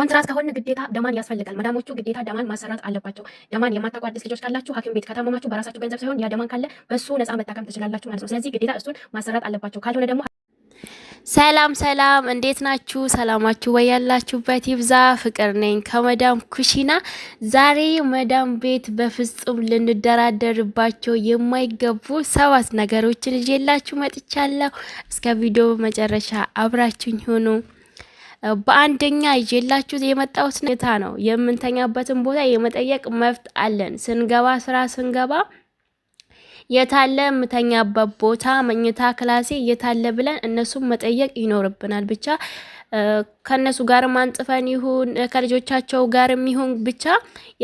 ኮንትራት ከሆነ ግዴታ ደማን ያስፈልጋል። መዳሞቹ ግዴታ ደማን ማሰራት አለባቸው። ደማን የማታውቁ አዲስ ልጆች ካላችሁ ሐኪም ቤት ከታመማችሁ በራሳችሁ ገንዘብ ሳይሆን ያ ደማን ካለ በሱ ነፃ መጠቀም ትችላላችሁ ማለት ነው። ስለዚህ ግዴታ እሱን ማሰራት አለባቸው። ካልሆነ ደግሞ ሰላም ሰላም፣ እንዴት ናችሁ? ሰላማችሁ ወይ ያላችሁበት ይብዛ። ፍቅር ነኝ ከመዳም ኩሽና። ዛሬ መዳም ቤት በፍጹም ልንደራደርባቸው የማይገቡ ሰባት ነገሮችን ይዤላችሁ መጥቻለሁ። እስከ ቪዲዮ መጨረሻ አብራችሁኝ ሆኑ። በአንደኛ ይዤላችሁት የመጣሁት ታ ነው። የምንተኛበትን ቦታ የመጠየቅ መብት አለን። ስንገባ ስራ ስንገባ የታለ የምተኛበት ቦታ መኝታ ክላሴ የታለ ብለን እነሱም መጠየቅ ይኖርብናል። ብቻ ከእነሱ ጋር ማንጽፈን ይሁን ከልጆቻቸው ጋር የሚሆን ብቻ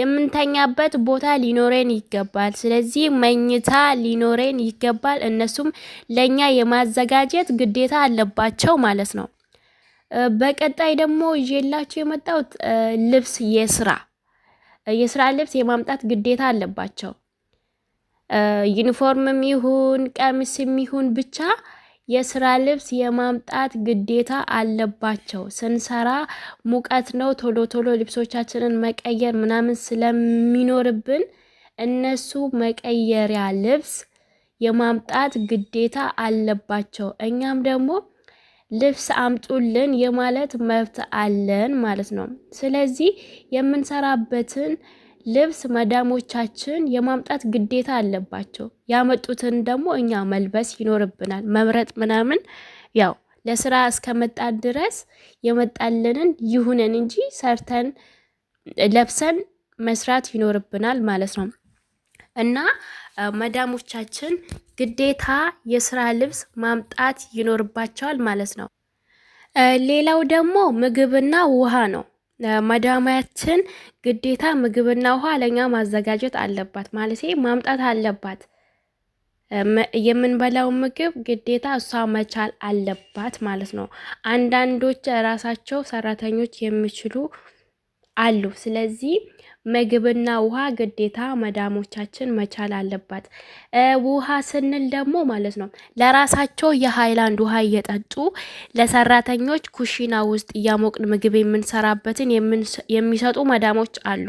የምንተኛበት ቦታ ሊኖረን ይገባል። ስለዚህ መኝታ ሊኖረን ይገባል። እነሱም ለእኛ የማዘጋጀት ግዴታ አለባቸው ማለት ነው። በቀጣይ ደግሞ ይዤላችሁ የመጣሁት ልብስ የስራ የስራ ልብስ የማምጣት ግዴታ አለባቸው። ዩኒፎርምም ይሁን ቀሚስም ይሁን ብቻ የስራ ልብስ የማምጣት ግዴታ አለባቸው። ስንሰራ ሙቀት ነው፣ ቶሎ ቶሎ ልብሶቻችንን መቀየር ምናምን ስለሚኖርብን እነሱ መቀየሪያ ልብስ የማምጣት ግዴታ አለባቸው። እኛም ደግሞ ልብስ አምጡልን የማለት መብት አለን ማለት ነው። ስለዚህ የምንሰራበትን ልብስ መዳሞቻችን የማምጣት ግዴታ አለባቸው። ያመጡትን ደግሞ እኛ መልበስ ይኖርብናል። መምረጥ ምናምን ያው ለስራ እስከመጣን ድረስ የመጣልንን ይሁነን እንጂ ሰርተን ለብሰን መስራት ይኖርብናል ማለት ነው እና መዳሞቻችን ግዴታ የስራ ልብስ ማምጣት ይኖርባቸዋል ማለት ነው። ሌላው ደግሞ ምግብና ውሃ ነው። መዳማያችን ግዴታ ምግብና ውሃ ለኛ ማዘጋጀት አለባት ማለት ማምጣት አለባት። የምንበላው ምግብ ግዴታ እሷ መቻል አለባት ማለት ነው። አንዳንዶች ራሳቸው ሰራተኞች የሚችሉ አሉ። ስለዚህ ምግብና ውሃ ግዴታ መዳሞቻችን መቻል አለባት። ውሃ ስንል ደግሞ ማለት ነው ለራሳቸው የሀይላንድ ውሃ እየጠጡ ለሰራተኞች ኩሽና ውስጥ እያሞቅን ምግብ የምንሰራበትን የሚሰጡ መዳሞች አሉ።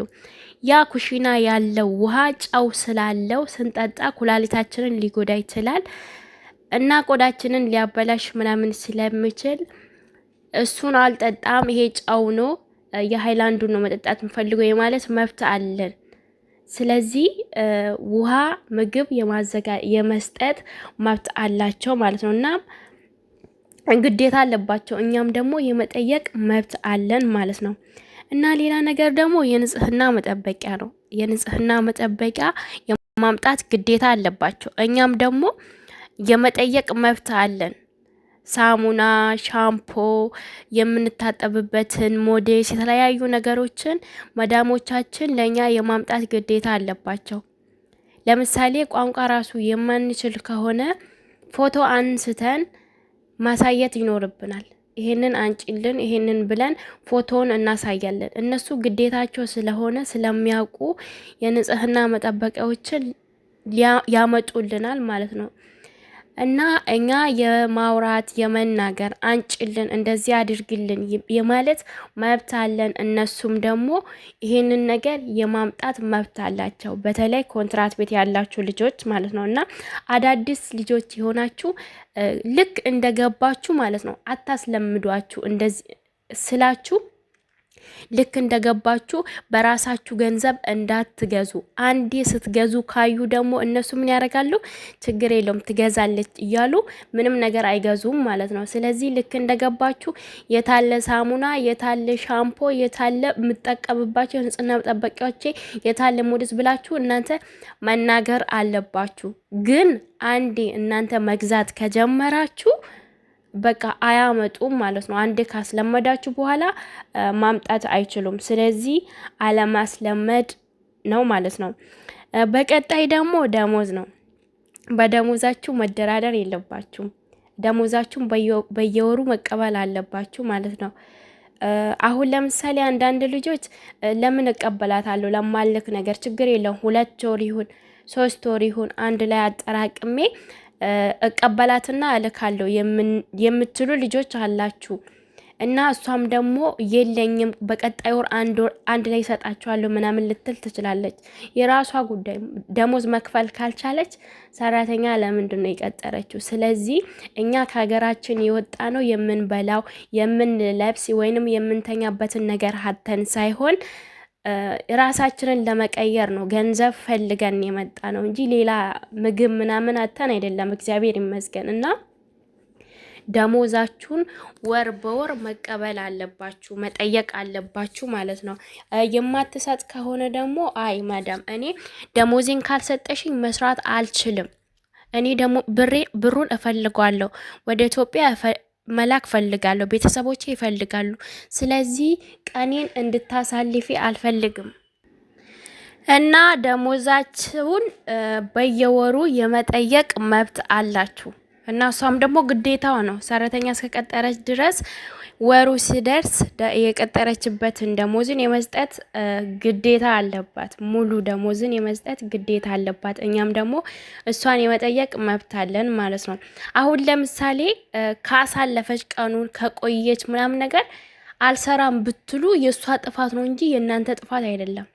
ያ ኩሽና ያለው ውሃ ጨው ስላለው ስንጠጣ ኩላሊታችንን ሊጎዳ ይችላል እና ቆዳችንን ሊያበላሽ ምናምን ስለሚችል እሱን አልጠጣም። ይሄ ጨው ነው የሃይላንዱን ነው መጠጣት የምፈልገው የማለት መብት አለን። ስለዚህ ውሃ፣ ምግብ የማዘጋ የመስጠት መብት አላቸው ማለት ነው እና ግዴታ አለባቸው። እኛም ደግሞ የመጠየቅ መብት አለን ማለት ነው እና ሌላ ነገር ደግሞ የንጽህና መጠበቂያ ነው። የንጽህና መጠበቂያ የማምጣት ግዴታ አለባቸው። እኛም ደግሞ የመጠየቅ መብት አለን። ሳሙና፣ ሻምፖ፣ የምንታጠብበትን ሞዴስ፣ የተለያዩ ነገሮችን መዳሞቻችን ለእኛ የማምጣት ግዴታ አለባቸው። ለምሳሌ ቋንቋ ራሱ የማንችል ከሆነ ፎቶ አንስተን ማሳየት ይኖርብናል። ይሄንን አንጭልን፣ ይሄንን ብለን ፎቶውን እናሳያለን። እነሱ ግዴታቸው ስለሆነ ስለሚያውቁ የንጽህና መጠበቂያዎችን ያመጡልናል ማለት ነው። እና እኛ የማውራት የመናገር አንጭልን እንደዚህ አድርግልን የማለት መብት አለን። እነሱም ደግሞ ይሄንን ነገር የማምጣት መብት አላቸው። በተለይ ኮንትራት ቤት ያላችሁ ልጆች ማለት ነው እና አዳዲስ ልጆች የሆናችሁ ልክ እንደገባችሁ ማለት ነው አታስለምዷችሁ እንደዚህ ስላችሁ ልክ እንደገባችሁ በራሳችሁ ገንዘብ እንዳትገዙ። አንዴ ስትገዙ ካዩ ደግሞ እነሱ ምን ያደርጋሉ? ችግር የለውም ትገዛለች እያሉ ምንም ነገር አይገዙም ማለት ነው። ስለዚህ ልክ እንደገባችሁ የታለ ሳሙና፣ የታለ ሻምፖ፣ የታለ የምጠቀምባቸው ንጽህና መጠበቂያዎቼ የታለ ሞዴስ ብላችሁ እናንተ መናገር አለባችሁ። ግን አንዴ እናንተ መግዛት ከጀመራችሁ በቃ አያመጡም ማለት ነው። አንዴ ካስለመዳችሁ በኋላ ማምጣት አይችሉም። ስለዚህ አለማስለመድ ነው ማለት ነው። በቀጣይ ደግሞ ደሞዝ ነው። በደሞዛችሁ መደራደር የለባችሁም። ደሞዛችሁን በየወሩ መቀበል አለባችሁ ማለት ነው። አሁን ለምሳሌ አንዳንድ ልጆች ለምን እቀበላታለሁ ለማልክ ነገር ችግር የለውም ሁለት ወር ይሁን ሶስት ወር ይሁን አንድ ላይ አጠራቅሜ እቀበላትና እልካለሁ የምትሉ ልጆች አላችሁ እና እሷም ደግሞ የለኝም በቀጣይ ወር አንድ ላይ ይሰጣችኋለሁ ምናምን ልትል ትችላለች። የራሷ ጉዳይ። ደሞዝ መክፈል ካልቻለች ሰራተኛ ለምንድን ነው የቀጠረችው? ስለዚህ እኛ ከሀገራችን የወጣ ነው የምንበላው የምንለብስ ወይንም የምንተኛበትን ነገር ሀተን ሳይሆን ራሳችንን ለመቀየር ነው። ገንዘብ ፈልገን የመጣ ነው እንጂ ሌላ ምግብ ምናምን አተን አይደለም። እግዚአብሔር ይመስገን እና ደሞዛችሁን ወር በወር መቀበል አለባችሁ፣ መጠየቅ አለባችሁ ማለት ነው። የማትሰጥ ከሆነ ደግሞ አይ መደም እኔ ደሞዜን ካልሰጠሽኝ መስራት አልችልም እኔ ደግሞ ብሬ ብሩን እፈልጓለሁ ወደ ኢትዮጵያ መላክ ፈልጋለሁ። ቤተሰቦቼ ይፈልጋሉ። ስለዚህ ቀኔን እንድታሳልፊ አልፈልግም እና ደሞዛችሁን በየወሩ የመጠየቅ መብት አላችሁ እና እሷም ደግሞ ግዴታው ነው ሰራተኛ እስከቀጠረች ድረስ ወሩ ሲደርስ የቀጠረችበትን ደሞዝን የመስጠት ግዴታ አለባት። ሙሉ ደሞዝን የመስጠት ግዴታ አለባት። እኛም ደግሞ እሷን የመጠየቅ መብት አለን ማለት ነው። አሁን ለምሳሌ ካሳለፈች ቀኑን ከቆየች ምናምን ነገር አልሰራም ብትሉ የእሷ ጥፋት ነው እንጂ የእናንተ ጥፋት አይደለም።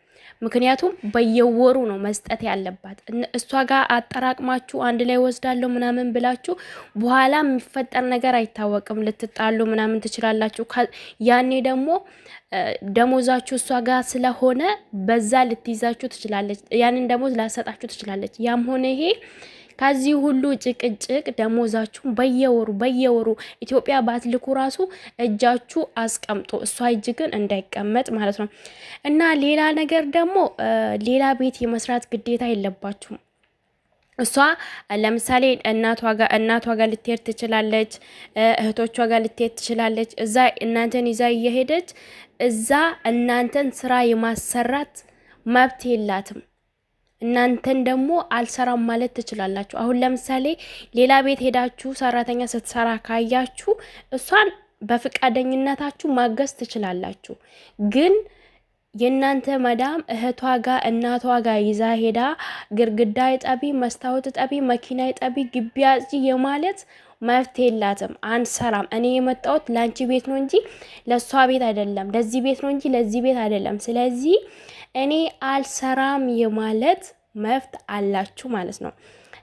ምክንያቱም በየወሩ ነው መስጠት ያለባት። እሷ ጋር አጠራቅማችሁ አንድ ላይ ወስዳለሁ ምናምን ብላችሁ በኋላ የሚፈጠር ነገር አይታወቅም። ልትጣሉ ምናምን ትችላላችሁ። ያኔ ደግሞ ደሞዛችሁ እሷ ጋር ስለሆነ በዛ ልትይዛችሁ ትችላለች። ያንን ደሞዝ ላሰጣችሁ ትችላለች። ያም ሆነ ይሄ ከዚህ ሁሉ ጭቅጭቅ ደሞዛችሁን በየወሩ በየወሩ ኢትዮጵያ ባትልኩ ራሱ እጃችሁ አስቀምጦ እሷ እጅ ግን እንዳይቀመጥ ማለት ነው። እና ሌላ ነገር ደግሞ ሌላ ቤት የመስራት ግዴታ የለባችሁም። እሷ ለምሳሌ እናቷ ጋር እናቷ ጋር ልትሄድ ትችላለች፣ እህቶቿ ጋር ልትሄድ ትችላለች። እዛ እናንተን ይዛ እየሄደች እዛ እናንተን ስራ የማሰራት መብት የላትም። እናንተን ደግሞ አልሰራም ማለት ትችላላችሁ። አሁን ለምሳሌ ሌላ ቤት ሄዳችሁ ሰራተኛ ስትሰራ ካያችሁ እሷን በፍቃደኝነታችሁ ማገዝ ትችላላችሁ። ግን የእናንተ መዳም እህቷ ጋር እናቷ ጋር ይዛ ሄዳ ግርግዳ ይጠቢ፣ መስታወት ጠቢ፣ መኪና ይጠቢ፣ ግቢ አጽጂ የማለት መፍት የላትም። አንሰራም። እኔ የመጣሁት ለአንቺ ቤት ነው እንጂ ለእሷ ቤት አይደለም። ለዚህ ቤት ነው እንጂ ለዚህ ቤት አይደለም። ስለዚህ እኔ አልሰራም የማለት መብት አላችሁ ማለት ነው።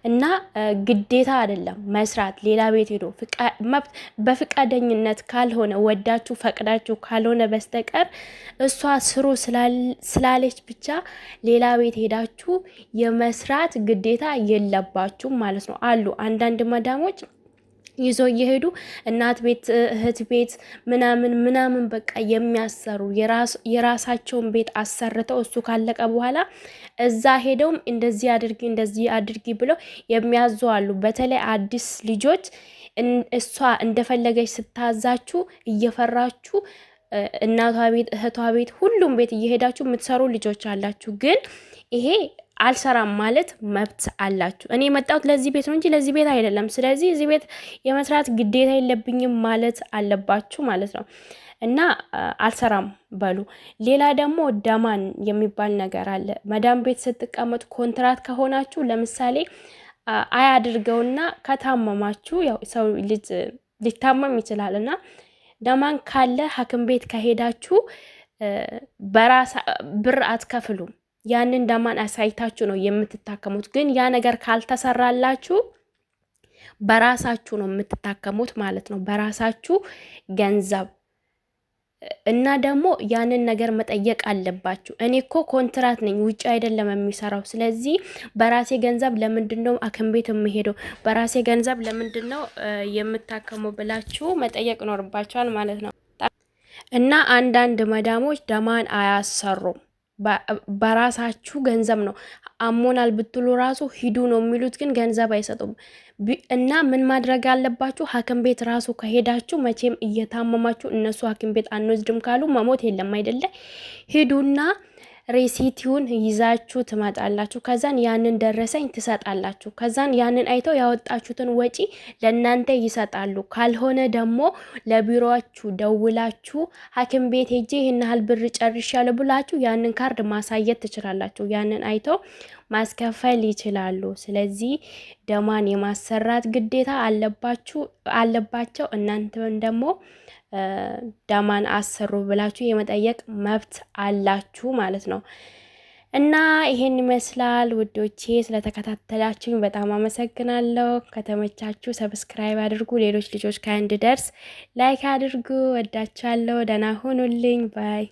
እና ግዴታ አይደለም መስራት። ሌላ ቤት ሄዶ በፍቃደኝነት ካልሆነ ወዳችሁ ፈቅዳችሁ ካልሆነ በስተቀር እሷ ስሩ ስላለች ብቻ ሌላ ቤት ሄዳችሁ የመስራት ግዴታ የለባችሁም ማለት ነው። አሉ አንዳንድ መዳሞች ይዞ እየሄዱ እናት ቤት እህት ቤት ምናምን ምናምን በቃ የሚያሰሩ የራሳቸውን ቤት አሰርተው እሱ ካለቀ በኋላ እዛ ሄደውም እንደዚህ አድርጊ እንደዚህ አድርጊ ብለው የሚያዙ አሉ። በተለይ አዲስ ልጆች እሷ እንደፈለገች ስታዛችሁ እየፈራችሁ እናቷ ቤት እህቷ ቤት ሁሉም ቤት እየሄዳችሁ የምትሰሩ ልጆች አላችሁ ግን ይሄ አልሰራም ማለት መብት አላችሁ። እኔ የመጣሁት ለዚህ ቤት ነው እንጂ ለዚህ ቤት አይደለም። ስለዚህ እዚህ ቤት የመስራት ግዴታ የለብኝም ማለት አለባችሁ ማለት ነው። እና አልሰራም በሉ። ሌላ ደግሞ ደማን የሚባል ነገር አለ። መዳም ቤት ስትቀመጡ ኮንትራት ከሆናችሁ ለምሳሌ አያድርገውና ከታመማችሁ ያው ሰው ልጅ ሊታመም ይችላል እና ደማን ካለ ሐኪም ቤት ከሄዳችሁ በራሳ ብር አትከፍሉም። ያንን ዳማን አሳይታችሁ ነው የምትታከሙት። ግን ያ ነገር ካልተሰራላችሁ በራሳችሁ ነው የምትታከሙት ማለት ነው፣ በራሳችሁ ገንዘብ እና ደግሞ ያንን ነገር መጠየቅ አለባችሁ። እኔ እኮ ኮንትራት ነኝ፣ ውጭ አይደለም የሚሰራው። ስለዚህ በራሴ ገንዘብ ለምንድን ነው አክም ቤት የምሄደው? በራሴ ገንዘብ ለምንድን ነው የምታከመው? ብላችሁ መጠየቅ ይኖርባችኋል ማለት ነው። እና አንዳንድ መዳሞች ደማን አያሰሩም። በራሳችሁ ገንዘብ ነው። አሞናል ብትሉ ራሱ ሂዱ ነው የሚሉት፣ ግን ገንዘብ አይሰጡም። እና ምን ማድረግ አለባችሁ? ሐኪም ቤት ራሱ ከሄዳችሁ መቼም እየታመማችሁ እነሱ ሐኪም ቤት አንወስድም ካሉ መሞት የለም አይደለ? ሂዱና ሬሲቲውን ይዛችሁ ትመጣላችሁ። ከዛን ያንን ደረሰኝ ትሰጣላችሁ። ከዛን ያንን አይተው ያወጣችሁትን ወጪ ለእናንተ ይሰጣሉ። ካልሆነ ደግሞ ለቢሮችሁ ደውላችሁ ሐኪም ቤት ሄጄ ይህን ያህል ብር ጨርሻለሁ ብላችሁ ያንን ካርድ ማሳየት ትችላላችሁ። ያንን አይተው ማስከፈል ይችላሉ። ስለዚህ ደማን የማሰራት ግዴታ አለባችሁ አለባቸው እናንተን ደግሞ ዳማን አሰሩ ብላችሁ የመጠየቅ መብት አላችሁ ማለት ነው። እና ይሄን ይመስላል ውዶቼ። ስለተከታተላችሁኝ በጣም አመሰግናለሁ። ከተመቻችሁ ሰብስክራይብ አድርጉ፣ ሌሎች ልጆች ከእንድደርስ ላይክ አድርጉ። ወዳችኋለሁ። ደህና ሁኑልኝ ባይ